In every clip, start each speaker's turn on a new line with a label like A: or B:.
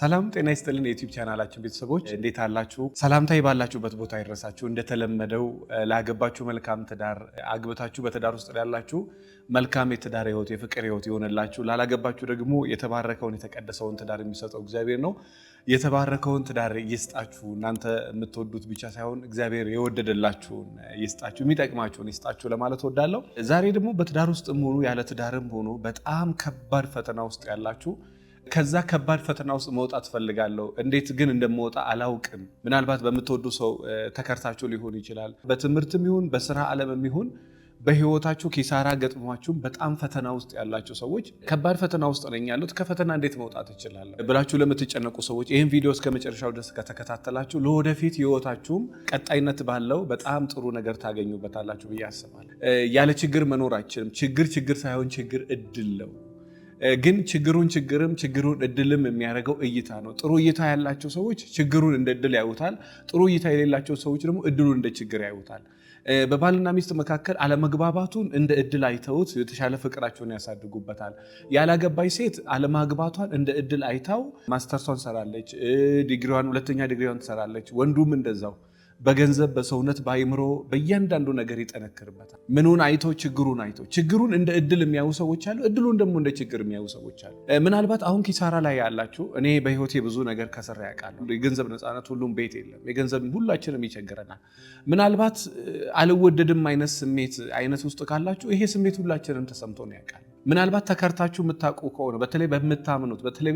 A: ሰላም ጤና ይስጥልን የዩቲዩብ ቻናላችን ቤተሰቦች እንዴት አላችሁ? ሰላምታ ባላችሁበት ቦታ ይድረሳችሁ። እንደተለመደው ላገባችሁ መልካም ትዳር፣ አግብታችሁ በትዳር ውስጥ ያላችሁ መልካም የትዳር ህይወት፣ የፍቅር ህይወት ይሆንላችሁ። ላላገባችሁ ደግሞ የተባረከውን የተቀደሰውን ትዳር የሚሰጠው እግዚአብሔር ነው። የተባረከውን ትዳር ይስጣችሁ። እናንተ የምትወዱት ብቻ ሳይሆን እግዚአብሔር የወደደላችሁን ይስጣችሁ፣ የሚጠቅማችሁን ይስጣችሁ ለማለት ወዳለሁ። ዛሬ ደግሞ በትዳር ውስጥም ሆኑ ያለ ትዳርም ሆኑ በጣም ከባድ ፈተና ውስጥ ያላችሁ ከዛ ከባድ ፈተና ውስጥ መውጣት ፈልጋለሁ እንዴት ግን እንደምወጣ አላውቅም። ምናልባት በምትወዱ ሰው ተከርታችሁ ሊሆን ይችላል። በትምህርትም ይሁን በስራ ዓለምም ይሁን በህይወታችሁ ኪሳራ ገጥሟችሁም በጣም ፈተና ውስጥ ያላችሁ ሰዎች ከባድ ፈተና ውስጥ ነኝ ያሉት ከፈተና እንዴት መውጣት እችላለሁ ብላችሁ ለምትጨነቁ ሰዎች ይህን ቪዲዮ እስከ መጨረሻው ድረስ ከተከታተላችሁ ለወደፊት ህይወታችሁም ቀጣይነት ባለው በጣም ጥሩ ነገር ታገኙበታላችሁ ብዬ አስባለሁ። ያለ ችግር መኖር አይችልም። ችግር ችግር ሳይሆን ችግር እድል ነው። ግን ችግሩን ችግርም ችግሩን እድልም የሚያደርገው እይታ ነው። ጥሩ እይታ ያላቸው ሰዎች ችግሩን እንደ እድል ያዩታል። ጥሩ እይታ የሌላቸው ሰዎች ደግሞ እድሉን እንደ ችግር ያዩታል። በባልና ሚስት መካከል አለመግባባቱን እንደ እድል አይተውት የተሻለ ፍቅራቸውን ያሳድጉበታል። ያላገባች ሴት አለማግባቷን እንደ እድል አይታው ማስተርሷን ትሰራለች፣ ዲግሪዋን ሁለተኛ ዲግሪዋን ትሰራለች። ወንዱም እንደዛው በገንዘብ በሰውነት በአይምሮ በእያንዳንዱ ነገር ይጠነክርበታል። ምኑን አይቶ ችግሩን አይቶ ችግሩን እንደ እድል የሚያዩ ሰዎች አሉ። እድሉን ደግሞ እንደ ችግር የሚያዩ ሰዎች አሉ። ምናልባት አሁን ኪሳራ ላይ ያላችሁ፣ እኔ በህይወቴ ብዙ ነገር ከስር ያውቃለሁ። የገንዘብ ነፃነት ሁሉም ቤት የለም። የገንዘብ ሁላችንም ይቸግረናል። ምናልባት አልወደድም አይነት ስሜት አይነት ውስጥ ካላችሁ ይሄ ስሜት ሁላችንም ነው ያውቃል። ምናልባት ተከርታችሁ የምታውቁ ከሆነ በተለይ በምታምኑት በተለይ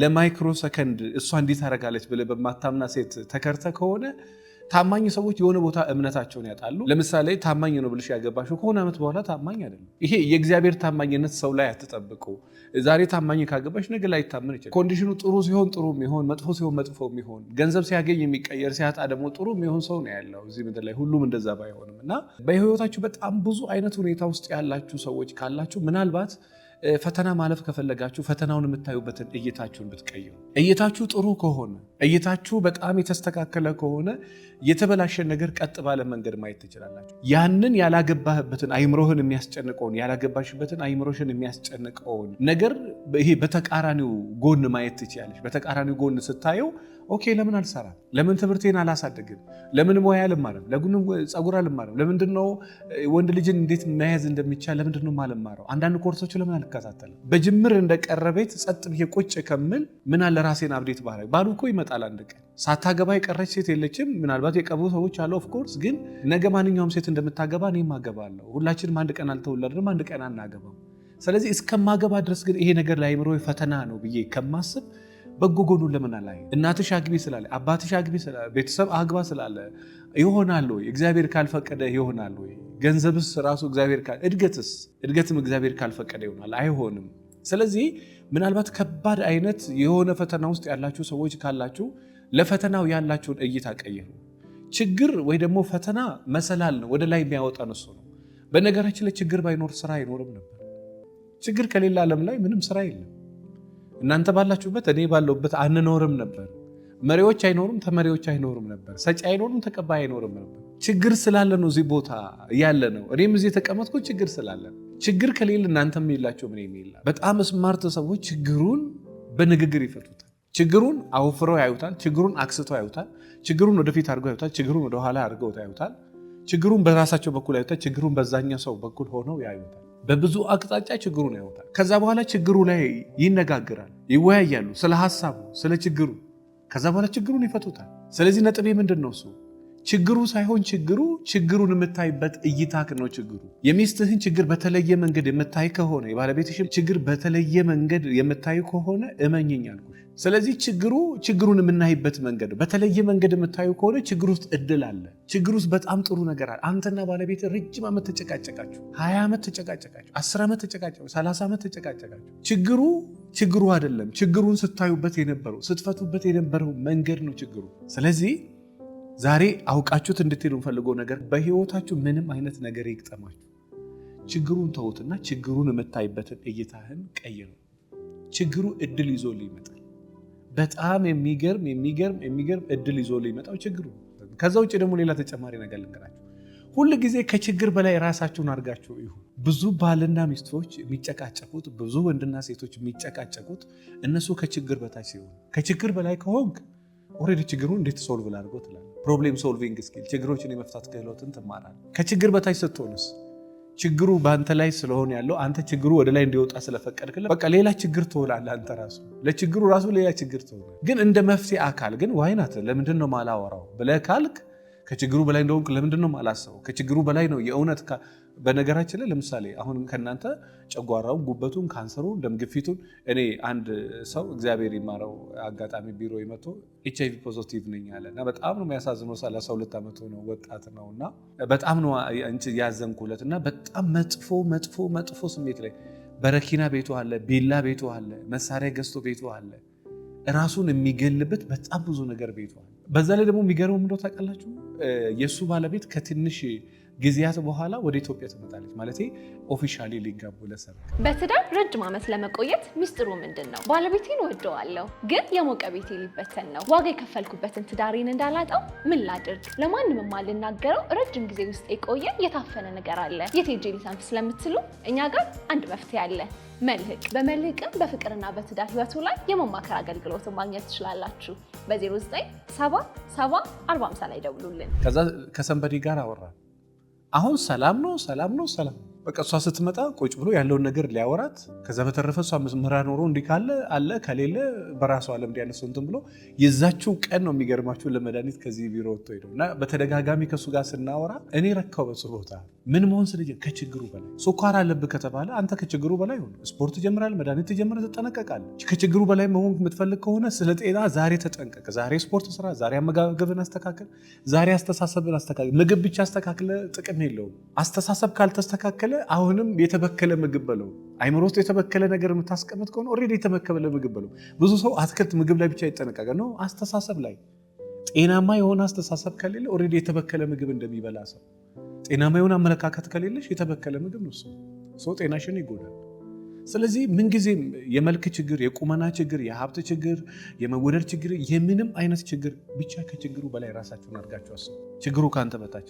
A: ለማይክሮ ሰከንድ እሷ እንዲህ አደርጋለች ብለህ በማታምና ሴት ተከርተ ከሆነ ታማኝ ሰዎች የሆነ ቦታ እምነታቸውን ያጣሉ። ለምሳሌ ታማኝ ነው ብልሽ ያገባሽው ከሆነ ዓመት በኋላ ታማኝ አይደለም። ይሄ የእግዚአብሔር ታማኝነት ሰው ላይ አትጠብቁ። ዛሬ ታማኝ ካገባሽ ነገ ላይታመን ይችላል። ኮንዲሽኑ ጥሩ ሲሆን ጥሩ የሚሆን መጥፎ ሲሆን መጥፎ የሚሆን ገንዘብ ሲያገኝ የሚቀየር ሲያጣ ደግሞ ጥሩ የሚሆን ሰው ነው ያለው እዚህ ምድር ላይ ሁሉም እንደዛ ባይሆንም እና በህይወታችሁ በጣም ብዙ አይነት ሁኔታ ውስጥ ያላችሁ ሰዎች ካላችሁ ምናልባት ፈተና ማለፍ ከፈለጋችሁ ፈተናውን የምታዩበትን እይታችሁን ብትቀይሩ፣ እይታችሁ ጥሩ ከሆነ እይታችሁ በጣም የተስተካከለ ከሆነ የተበላሸን ነገር ቀጥ ባለ መንገድ ማየት ትችላላችሁ። ያንን ያላገባህበትን አይምሮህን የሚያስጨንቀውን ያላገባሽበትን አይምሮሽን የሚያስጨንቀውን ነገር ይሄ በተቃራኒው ጎን ማየት ትችላለች። በተቃራኒው ጎን ስታየው ኦኬ፣ ለምን አልሰራም? ለምን ትምህርቴን አላሳደግም? ለምን ሙያ አልማርም? ለጉንም ፀጉር አልማርም? ለምንድነው ወንድ ልጅን እንዴት መያዝ እንደሚቻል ለምንድነው አልማረው? አንዳንድ ኮርሶች ለምን አልከታተልም? በጅምር እንደቀረ ቤት ጸጥ ብዬ ቁጭ ከምል ምን አለ ራሴን አብዴት ባረግ። ባሉ እኮ ይመጣል አንድ ቀን። ሳታገባ የቀረች ሴት የለችም። ምናልባት የቀቡ ሰዎች አለ ኦፍኮርስ፣ ግን ነገ ማንኛውም ሴት እንደምታገባ እኔም አገባለሁ። ሁላችንም አንድ ቀን አልተወለድንም፣ አንድ ቀን አናገባም። ስለዚህ እስከማገባ ድረስ ግን ይሄ ነገር ለአእምሮ ፈተና ነው ብዬ ከማስብ በጎ ጎኑን ለምን አላ እናትሽ አግቢ ስላለ አባትሽ አግቢ ስላለ ቤተሰብ አግባ ስላለ ይሆናል ወይ? እግዚአብሔር ካልፈቀደ ይሆናል ወይ? ገንዘብስ ራሱ እግዚአብሔር እድገትስ እድገትም እግዚአብሔር ካልፈቀደ ይሆናል አይሆንም። ስለዚህ ምናልባት ከባድ አይነት የሆነ ፈተና ውስጥ ያላችሁ ሰዎች ካላችሁ ለፈተናው ያላችሁን እይታ ቀይሩ። ችግር ወይ ደግሞ ፈተና መሰላል ነው፣ ወደ ላይ የሚያወጣ ነሱ ነው። በነገራችን ላይ ችግር ባይኖር ስራ አይኖርም ነበር። ችግር ከሌለ ዓለም ላይ ምንም ስራ የለም። እናንተ ባላችሁበት እኔ ባለሁበት አንኖርም ነበር። መሪዎች አይኖሩም፣ ተመሪዎች አይኖርም ነበር። ሰጪ አይኖርም፣ ተቀባይ አይኖርም ነበር። ችግር ስላለ ነው እዚህ ቦታ ያለ ነው። እኔም እዚህ የተቀመጥኩ ችግር ስላለ ነው። ችግር ከሌለ እናንተም የላቸው ምን የሚል በጣም ስማርት ሰዎች ችግሩን በንግግር ይፈቱታል። ችግሩን አውፍረው ያዩታል። ችግሩን አክስተው ያዩታል። ችግሩን ወደፊት አድርገው ያዩታል። ችግሩን ወደኋላ አድርገው ያዩታል። ችግሩን በራሳቸው በኩል ያዩታል። ችግሩን በዛኛ ሰው በኩል ሆነው ያዩታል። በብዙ አቅጣጫ ችግሩን ያወጣል። ከዛ በኋላ ችግሩ ላይ ይነጋግራል፣ ይወያያሉ፣ ስለ ሀሳቡ፣ ስለ ችግሩ። ከዛ በኋላ ችግሩን ይፈቱታል። ስለዚህ ነጥቤ ምንድን ነው? እሱ ችግሩ ሳይሆን ችግሩ ችግሩን የምታይበት እይታክ ነው ችግሩ። የሚስትህን ችግር በተለየ መንገድ የምታይ ከሆነ የባለቤትሽም ችግር በተለየ መንገድ የምታይ ከሆነ እመኝኝ አልኩሽ ስለዚህ ችግሩ ችግሩን የምናይበት መንገድ ነው። በተለየ መንገድ የምታዩ ከሆነ ችግር ውስጥ እድል አለ። ችግር ውስጥ በጣም ጥሩ ነገር አለ። አንተና ባለቤት ረጅም ዓመት ተጨቃጨቃችሁ፣ 20 ዓመት ተጨቃጨቃችሁ፣ 10 ዓመት ተጨቃጨቃችሁ፣ 30 ዓመት ተጨቃጨቃችሁ። ችግሩ ችግሩ አይደለም። ችግሩን ስታዩበት የነበረው ስትፈቱበት የነበረው መንገድ ነው ችግሩ። ስለዚህ ዛሬ አውቃችሁት እንድትሄዱ የምፈልገው ነገር በህይወታችሁ ምንም አይነት ነገር ይግጠማችሁ፣ ችግሩን ተውትና ችግሩን የምታይበትን እይታህን ቀይረው። ችግሩ እድል ይዞልህ ይመጣል። በጣም የሚገርም የሚገርም የሚገርም እድል ይዞ ሊመጣው ችግሩ። ከዛ ውጭ ደግሞ ሌላ ተጨማሪ ነገር ልንገራችሁ። ሁል ጊዜ ከችግር በላይ ራሳችሁን አድርጋችሁ ይሁን። ብዙ ባልና ሚስቶች የሚጨቃጨቁት፣ ብዙ ወንድና ሴቶች የሚጨቃጨቁት እነሱ ከችግር በታች ሲሆን፣ ከችግር በላይ ከሆንክ ኦልሬዲ ችግሩን እንዴት ሶልቭ ላድርገው ትላለህ። ፕሮብሌም ሶልቪንግ ስኪል ችግሮችን የመፍታት ክህሎትን ትማራለህ። ከችግር በታች ስትሆንስ ችግሩ በአንተ ላይ ስለሆነ ያለው አንተ ችግሩ ወደ ላይ እንዲወጣ ስለፈቀድክለት በቃ ሌላ ችግር ትሆናለህ። አንተ ራሱ ለችግሩ ራሱ ሌላ ችግር ትሆናለህ። ግን እንደ መፍትሄ አካል ግን ዋይናት ለምንድን ነው ማላወራው ብለህ ካልክ ከችግሩ በላይ እንደሆንክ ለምንድን ነው ማላሰበው? ከችግሩ በላይ ነው የእውነት በነገራችን ላይ ለምሳሌ አሁን ከእናንተ ጨጓራውን፣ ጉበቱን፣ ካንሰሩን፣ ደም ግፊቱን እኔ አንድ ሰው እግዚአብሔር ይማረው አጋጣሚ ቢሮ መጥቶ ኤች አይቪ ነኝ አለ እና በጣም ነው የሚያሳዝነው። ሰላሳ ሁለት ዓመቱ ነው ወጣት ነው እና በጣም ነው ያዘንኩለት እና በጣም መጥፎ መጥፎ መጥፎ ስሜት ላይ በረኪና ቤቱ አለ፣ ቢላ ቤቱ አለ፣ መሳሪያ ገዝቶ ቤቱ አለ፣ ራሱን የሚገልበት በጣም ብዙ ነገር ቤቱ አለ። በዛ ላይ ደግሞ የሚገርመው ምንደ ታውቃላችሁ የእሱ ባለቤት ከትንሽ ጊዜያት በኋላ ወደ ኢትዮጵያ ትመጣለች። ማለት ኦፊሻሊ ሊጋቡ ለሰርግ
B: በትዳር ረጅም ዓመት ለመቆየት ሚስጥሩ ምንድን ነው? ባለቤቴን ወደዋለሁ፣ ግን የሞቀ ቤቴ ሊበተን ነው። ዋጋ የከፈልኩበትን ትዳሬን እንዳላጣው ምን ላድርግ? ለማንም የማልናገረው ረጅም ጊዜ ውስጥ የቆየ የታፈነ ነገር አለ። የት ሄጄ ስለምትሉ እኛ ጋር አንድ መፍትሄ አለ። መልህቅ በመልህቅም በፍቅርና በትዳር ህይወቱ ላይ የመማከር አገልግሎትን ማግኘት ትችላላችሁ። በ0977 45 ላይ ደውሉልን።
A: ከዛ ጋር አወራል አሁን ሰላም ነው፣ ሰላም ነው፣ ሰላም በቃ እሷ ስትመጣ ቁጭ ብሎ ያለውን ነገር ሊያወራት ከዛ በተረፈ እሷ ምራ ኖሮ እንዲህ ካለ አለ ከሌለ በራሷ ዓለም እንዲያነሱ እንትን ብሎ የዛችው ቀን ነው የሚገርማችሁ ለመድኃኒት ከዚህ ቢሮ ወጥቶ ሄደው እና በተደጋጋሚ ከእሱ ጋር ስናወራ እኔ ረካው በሱ ቦታ ምን መሆን ስለ ከችግሩ በላይ ስኳር አለብህ ከተባለ አንተ ከችግሩ በላይ ሆነ ስፖርት ጀምራል፣ መድኃኒት ትጀምራለህ፣ ትጠነቀቃለህ። ከችግሩ በላይ መሆን የምትፈልግ ከሆነ ስለ ጤና ዛሬ ተጠንቀቅ። ዛሬ ስፖርት ስራ፣ ዛሬ አመጋገብን አስተካከል፣ ዛሬ አስተሳሰብን አስተካከል። ምግብ ብቻ አስተካክለ ጥቅም የለውም። አስተሳሰብ ካልተስተካከለ አሁንም የተበከለ ምግብ በለው። አይምሮ ውስጥ የተበከለ ነገር የምታስቀምጥ ከሆነ ኦልሬዲ የተበከለ ምግብ በለው። ብዙ ሰው አትክልት ምግብ ላይ ብቻ ይጠነቀቀ ነው አስተሳሰብ ላይ ጤናማ የሆነ አስተሳሰብ ከሌለ ኦልሬዲ የተበከለ ምግብ እንደሚበላ ሰው ጤናማ የሆነ አመለካከት ከሌለሽ የተበከለ ምግብ ነው ሰው ጤናሽን ይጎዳል። ስለዚህ ምንጊዜም የመልክ ችግር፣ የቁመና ችግር፣ የሀብት ችግር፣ የመወደድ ችግር፣ የምንም አይነት ችግር ብቻ ከችግሩ በላይ ራሳችሁን አድርጋችሁ አስቡ። ችግሩ ከአንተ በታች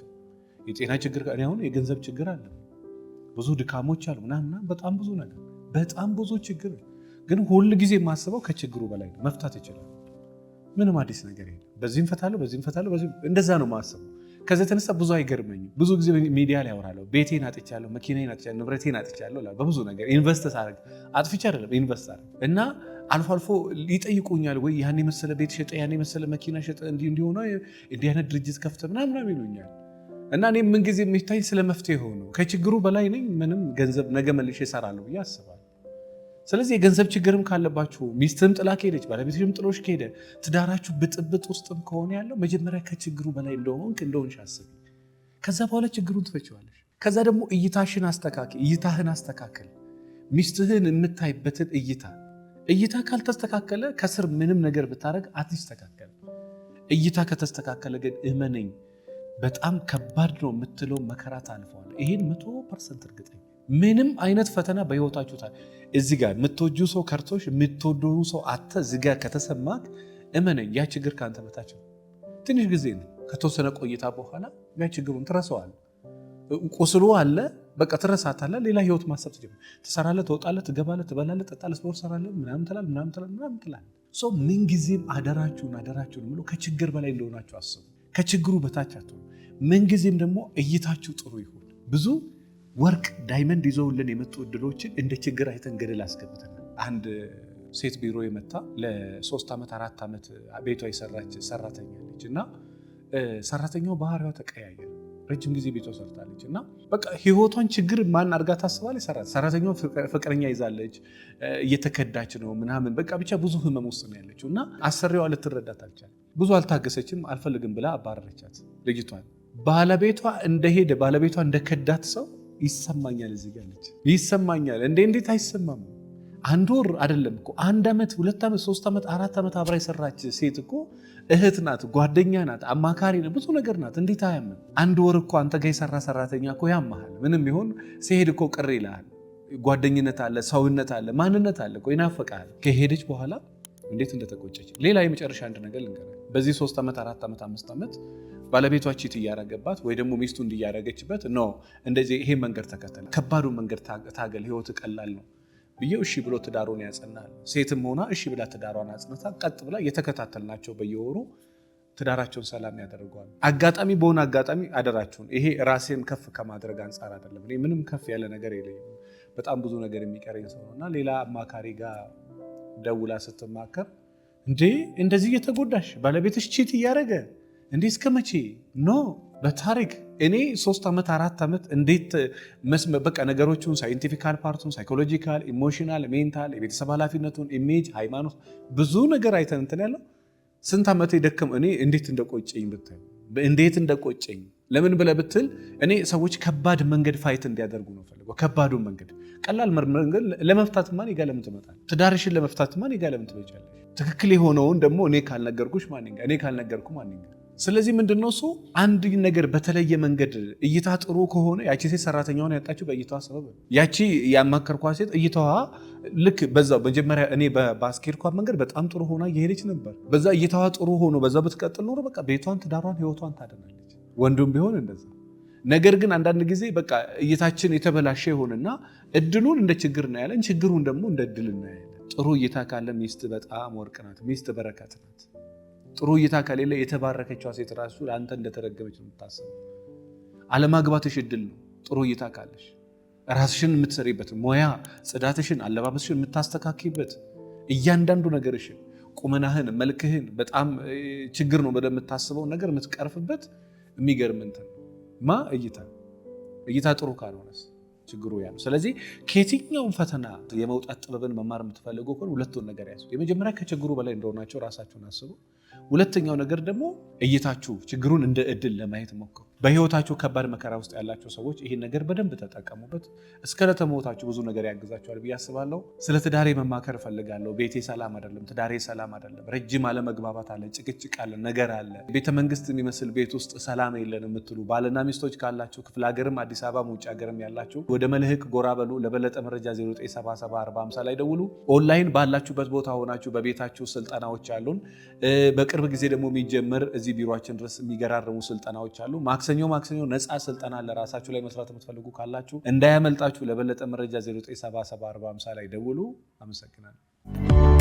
A: የጤና ችግር እኔ አሁን የገንዘብ ችግር አለ፣ ብዙ ድካሞች አሉ ምናምና በጣም ብዙ ነገር በጣም ብዙ ችግር ግን ሁል ጊዜ የማስበው ከችግሩ በላይ መፍታት ይችላል። ምንም አዲስ ነገር የለም። በዚህም ፈታለሁ፣ በዚህም ፈታለሁ፣ እንደዛ ነው ማስበው ከዚ የተነሳ ብዙ አይገርመኝም። ብዙ ጊዜ ሚዲያ ላይ ያወራለሁ። ቤቴን አጥቻለሁ፣ መኪናዬን አጥቻለሁ፣ ንብረቴን አጥቻለሁ። በብዙ ነገር ኢንቨስት ሳረግ አጥፍቼ አይደለም ኢንቨስት ሳረግ እና አልፎ አልፎ ይጠይቁኛል ወይ ያን የመሰለ ቤት ሸጠ፣ ያን የመሰለ መኪና ሸጠ፣ እንዲህ እንዲሆነ እንዲህ አይነት ድርጅት ከፍተ ምናምን ይሉኛል እና እኔ ምንጊዜ የሚታኝ ስለ መፍትሄ ሆኖ ከችግሩ በላይ ነኝ። ምንም ገንዘብ ነገ መልሼ እሰራለሁ ብዬ አስባለሁ። ስለዚህ የገንዘብ ችግርም ካለባችሁ ሚስትም ጥላ ከሄደች ባለቤትም ጥሎሽ ከሄደ ትዳራችሁ ብጥብጥ ውስጥም ከሆነ ያለው መጀመሪያ ከችግሩ በላይ እንደሆንክ እንደሆንሽ አስቢ። ከዛ በኋላ ችግሩን ትፈችዋለሽ። ከዛ ደግሞ እይታሽን አስተካክል፣ እይታህን አስተካክል። ሚስትህን የምታይበትን እይታ እይታ ካልተስተካከለ ከስር ምንም ነገር ብታደረግ አትስተካከል። እይታ ከተስተካከለ ግን እመነኝ፣ በጣም ከባድ ነው የምትለው መከራ ታልፈዋል። ይህን መቶ ፐርሰንት እርግጠኝ ምንም አይነት ፈተና በህይወታችሁ ታ እዚ ጋር የምትወጁ ሰው ከርቶች የምትወደሩ ሰው አተ እዚ ጋር ከተሰማክ እመነኝ፣ ያ ችግር ከአንተ በታች ነው። ትንሽ ጊዜ ነው። ከተወሰነ ቆይታ በኋላ ያ ችግሩን ትረሰዋል። ቁስሉ አለ፣ በቃ ትረሳታለ። ሌላ ህይወት ማሰብ ትጀምር። ትሰራለ፣ ትወጣለ፣ ትገባለ፣ ትበላለ፣ ጠጣለ፣ ስፖርት ሰራለ፣ ምናምን ትላል፣ ምናምን ትላል፣ ምናምን ትላል። ሰው ምንጊዜም አደራችሁን አደራችሁን ብሎ ከችግር በላይ እንደሆናችሁ አስቡ። ከችግሩ በታች አትሆኑ። ምንጊዜም ደግሞ እይታችሁ ጥሩ ይሁን ብዙ ወርቅ ዳይመንድ ይዘውልን የመጡ እድሎችን እንደ ችግር አይተን ገደል አስገብተናል። አንድ ሴት ቢሮ የመታ ለሶስት ዓመት አራት ዓመት ቤቷ የሰራች ሰራተኛ እና ሰራተኛው ባህሪዋ ተቀያየ። ረጅም ጊዜ ቤቷ ሰርታለች እና በቃ ህይወቷን ችግር ማን አድርጋ ታስባለች? ሰራተኛው ፍቅረኛ ይዛለች፣ እየተከዳች ነው ምናምን በቃ ብቻ ብዙ ህመም ውስጥ ነው ያለችው እና አሰሪዋ ልትረዳት ብዙ አልታገሰችም። አልፈልግም ብላ አባረረቻት ልጅቷን። ባለቤቷ እንደሄደ ባለቤቷ እንደከዳት ሰው ይሰማኛል እዚህ ጋር አለች። ይሰማኛል እንዴ! እንዴት አይሰማም? አንድ ወር አይደለም እኮ አንድ ዓመት፣ ሁለት ዓመት፣ ሶስት ዓመት፣ አራት ዓመት አብራ የሰራች ሴት እኮ እህት ናት፣ ጓደኛ ናት፣ አማካሪ ናት፣ ብዙ ነገር ናት። እንዴት አያምን? አንድ ወር እኮ አንተ ጋር የሰራ ሰራተኛ እኮ ያመሃል። ምንም ይሆን ሲሄድ እኮ ቅር ይልሃል። ጓደኝነት አለ፣ ሰውነት አለ፣ ማንነት አለ እኮ ይናፈቃል። ከሄደች በኋላ እንዴት እንደተቆጨች ሌላ የመጨረሻ አንድ ነገር ልንገርህ። በዚህ ሶስት ዓመት አራት ዓመት አምስት ዓመት ባለቤቷ ቺት እያረገባት ወይ ደግሞ ሚስቱ እንዲያረገችበት ኖ እንደዚህ ይሄ መንገድ ተከተለ። ከባዱ መንገድ ታገል፣ ህይወት ቀላል ነው ብዬ እሺ ብሎ ትዳሩን ያጸናል። ሴትም ሆና እሺ ብላ ትዳሯን አጽንታ ቀጥ ብላ እየተከታተልናቸው በየወሩ ትዳራቸውን ሰላም ያደርገዋል። አጋጣሚ በሆነ አጋጣሚ አደራችሁን፣ ይሄ ራሴን ከፍ ከማድረግ አንጻር አይደለም። እኔ ምንም ከፍ ያለ ነገር የለኝም። በጣም ብዙ ነገር የሚቀረኝ ሰው ነው እና ሌላ አማካሪ ጋር ደውላ ስትማከር እንዴ እንደዚህ እየተጎዳሽ ባለቤትሽ ቺት እያደረገ እንዴ እስከ መቼ ኖ በታሪክ እኔ ሶስት ዓመት አራት ዓመት እንዴት በቃ ነገሮቹን ሳይንቲፊካል ፓርቱን ሳይኮሎጂካል፣ ኢሞሽናል፣ ሜንታል፣ የቤተሰብ ኃላፊነቱን፣ ኢሜጅ፣ ሃይማኖት ብዙ ነገር አይተን እንትን ያለው ስንት ዓመት ደከም እኔ እንዴት እንደቆጨኝ ብትል እንዴት እንደቆጨኝ ለምን ብለህ ብትል እኔ ሰዎች ከባድ መንገድ ፋይት እንዲያደርጉ ነው ፈልገው። ከባዱ መንገድ ቀላል መንገድ ለመፍታት ማን ጋ ለምን ትመጣለህ? ትዳርሽን ለመፍታት ማን ጋ ለምን ትመጫለሽ? ትክክል የሆነውን ደግሞ እኔ ካልነገርኩሽ ማን እኔ ካልነገርኩ ማን ስለዚህ ምንድነው እሱ አንድ ነገር በተለየ መንገድ እይታ ጥሩ ከሆነ ያቺ ሴት ሰራተኛውን ያጣችው በእይታዋ ሰበብ ያቺ ያማከርኳ ሴት እይታዋ ልክ በዛው መጀመሪያ እኔ በባስኬድኳት መንገድ በጣም ጥሩ ሆና እየሄደች ነበር። በዛ እይታዋ ጥሩ ሆኖ በዛ ብትቀጥል ኖሮ በቃ ቤቷን፣ ትዳሯን፣ ህይወቷን ታደናለች። ወንዱም ቢሆን እንደዛ። ነገር ግን አንዳንድ ጊዜ በቃ እይታችን የተበላሸ ይሆንና እድሉን እንደ ችግር እናያለን፣ ችግሩን ደግሞ እንደ እድል እናያለን። ጥሩ እይታ ካለ ሚስት በጣም ወርቅ ናት። ሚስት በረከት ናት። ጥሩ እይታ ከሌለ የተባረከችዋ ሴት ራሱ ለአንተ እንደተረገመች ነው የምታስበው። አለማግባትሽ እድል ነው። ጥሩ እይታ ካለሽ ራስሽን የምትሰሪበት ሙያ፣ ጽዳትሽን፣ አለባበስሽን የምታስተካክይበት እያንዳንዱ ነገርሽን፣ ቁመናህን፣ መልክህን በጣም ችግር ነው በደንብ የምታስበው ነገር የምትቀርፍበት የሚገርም እንትን ማ እይታ እይታ ጥሩ ካልሆነስ ችግሩ ያ ነው። ስለዚህ ከየትኛውም ፈተና የመውጣት ጥበብን መማር የምትፈልገው ከሆነ ሁለቱን ነገር ያዙ። የመጀመሪያ ከችግሩ በላይ እንደሆናቸው ራሳችሁን አስቡ። ሁለተኛው ነገር ደግሞ እይታችሁ ችግሩን እንደ እድል ለማየት ሞክሩ። በህይወታችሁ ከባድ መከራ ውስጥ ያላቸው ሰዎች ይህን ነገር በደንብ ተጠቀሙበት። እስከ ለተሞታችሁ ብዙ ነገር ያግዛችኋል ብዬ አስባለሁ። ስለ ትዳሬ መማከር እፈልጋለሁ። ቤቴ ሰላም አይደለም፣ ትዳሬ ሰላም አይደለም፣ ረጅም አለመግባባት አለ፣ ጭቅጭቅ አለ፣ ነገር አለ፣ ቤተ መንግስት የሚመስል ቤት ውስጥ ሰላም የለን የምትሉ ባልና ሚስቶች ካላችሁ ክፍለ ሀገርም አዲስ አበባ ውጭ ሀገርም ያላችሁ ወደ መልህቅ ጎራ በሉ። ለበለጠ መረጃ 09774050 ላይ ደውሉ። ኦንላይን ባላችሁበት ቦታ ሆናችሁ በቤታችሁ ስልጠናዎች አሉን። በቅርብ ጊዜ ደግሞ የሚጀምር እዚህ ቢሮችን ድረስ የሚገራርሙ ስልጠናዎች አሉ። ማክሰኞ ማክሰኞ ነፃ ስልጠና ለራሳችሁ ላይ መስራት የምትፈልጉ ካላችሁ እንዳያመልጣችሁ። ለበለጠ መረጃ 097745 ላይ ደውሉ። አመሰግናለሁ።